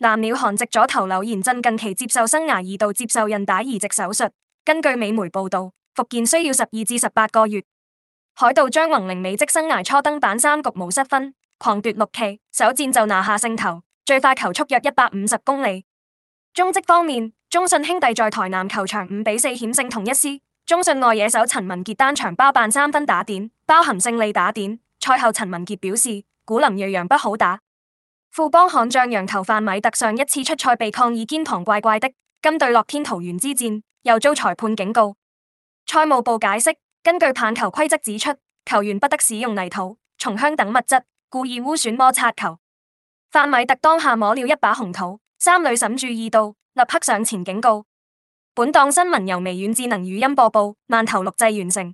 藍鳥韓籍左投柳賢振近期接受生涯二度接受韌帶移植手術，根據美媒報道，復健需要十二至十八個月。海盜張宏齡美職生涯初登板三局無失分，狂奪六期，首戰就拿下勝投，最快球速約一百五十公里。中職方面，中信兄弟在台南球場五比四險勝統一獅，中信外野手陳文杰單場包辦三分打點，包含勝利打點。賽後陳文杰表示，古林睿煬不好打。富邦悍將洋投范米特上一次出賽被抗議肩膀怪怪的，今對樂天桃園之戰又遭裁判警告。賽務部解釋，根據棒球規則指出，球員不得使用泥土、松香等物質故意污損摩擦球。范米特當下摸了一把紅土，三女審注意到，立刻上前警告。本檔新聞由微軟智能語音播報，慢投錄製完成。